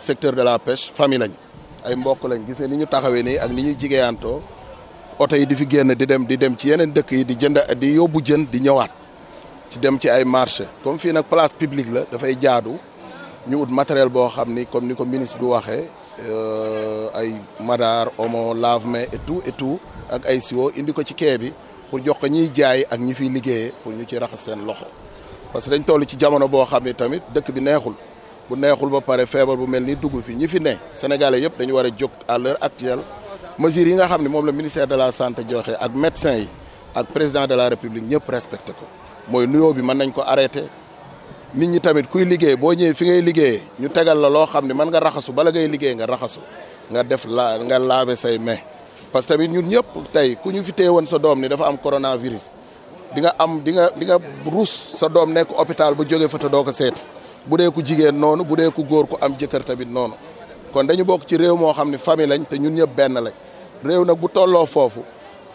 secteur de la pêche famille lañ ay mbokk lañ gis ni ñu ak ni ñuy jigéeyantoo yi di fi génn di dem di dem ci yeneen dëkk yi di jënd di comme place publique la dafay jaadu ñu ut matériel boo xam comme ni ministre bi waxee euh, ay madar omo lave et tout et tout ak ay siwo indi ko ci pour jox ko ñiy jaay ak ñi fiy pour ñu ci raxas loxo parce que dañ toll ci jamono boo xam tamit dëkk bi bu neexul ba pare feebar bu mel ni dugg fi ñi fi ne sénégalais yëpp dañu war a jóg à l'heure actuelle mesures yi nga xam ne moom la ministère de la santé joxe ak médecin yi ak président de la république ñëpp respecté ko mooy nuyoo bi mën nañ ko arrêté nit ñi tamit kuy liggéey boo ñëwee fi ngay liggéeyee ñu tegal la loo xam ne mën nga raxasu bala ngay liggéey nga raxasu nga def la nga laver say mais parce que tamit ñun ñëpp tey ku ñu fi téye sa doom ni dafa am coronavirus di nga am di nga di nga ruus sa doom nekk hôpital bu jógee fa te doo ko seeti bu dee ku jigéen noonu bu dee ku góor ku am jëkkër tamit noonu kon dañu bokk ci réew moo xam ne famille lañ te ñun ñëpp benn lañ réew nag bu tolloo foofu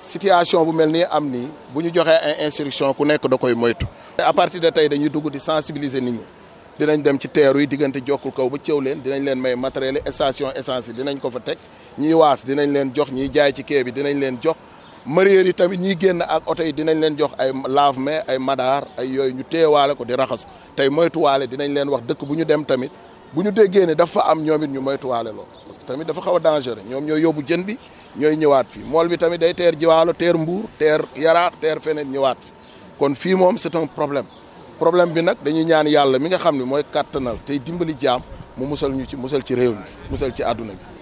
situation bu mel ni am nii bu ñu joxee ay instruction ku nekk da koy moytu. à partir de tey dañuy dugg di sensibiliser ni ñi dinañ dem ci teeru yi diggante jokkul kaw ba cëw leen dinañ leen may matériel station essence yi dinañ ko fa teg ñiy waas dinañ leen jox ñiy jaay ci kee bi dinañ leen jox. mareyeur yi tamit ñiy génn ak oto dinañ leen jox ay lave-mains ay madaar ay yooyu ñu teewaale ko di raxasu tey moytuwaale dinañ leen wax dëkk bu ñu dem tamit bu ñu déggee ne dafa am ñoom ñu moytuwaale loo parce que tamit dafa xaw a ñoom ñooy yóbbu jën bi ñooy ñëwaat fi mool bi tamit day teer jiwaalo teer mbuur teer yaraax teer feneen ñëwaat fi kon fii moom c'est un problème problème bi nag dañuy ñaan yàlla mi nga xam ne mooy kàttanal tey dimbali jaam mu musal ñu ci musal ci réew mi musal ci àdduna bi